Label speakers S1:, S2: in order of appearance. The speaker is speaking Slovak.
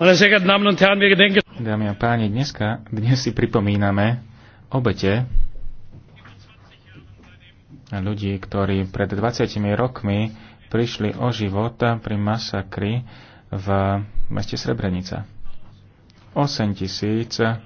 S1: Dámy a páni, dneska, dnes si pripomíname obete ľudí, ktorí pred 20 rokmi prišli o život pri masakri v meste Srebrenica. 8
S2: tisíc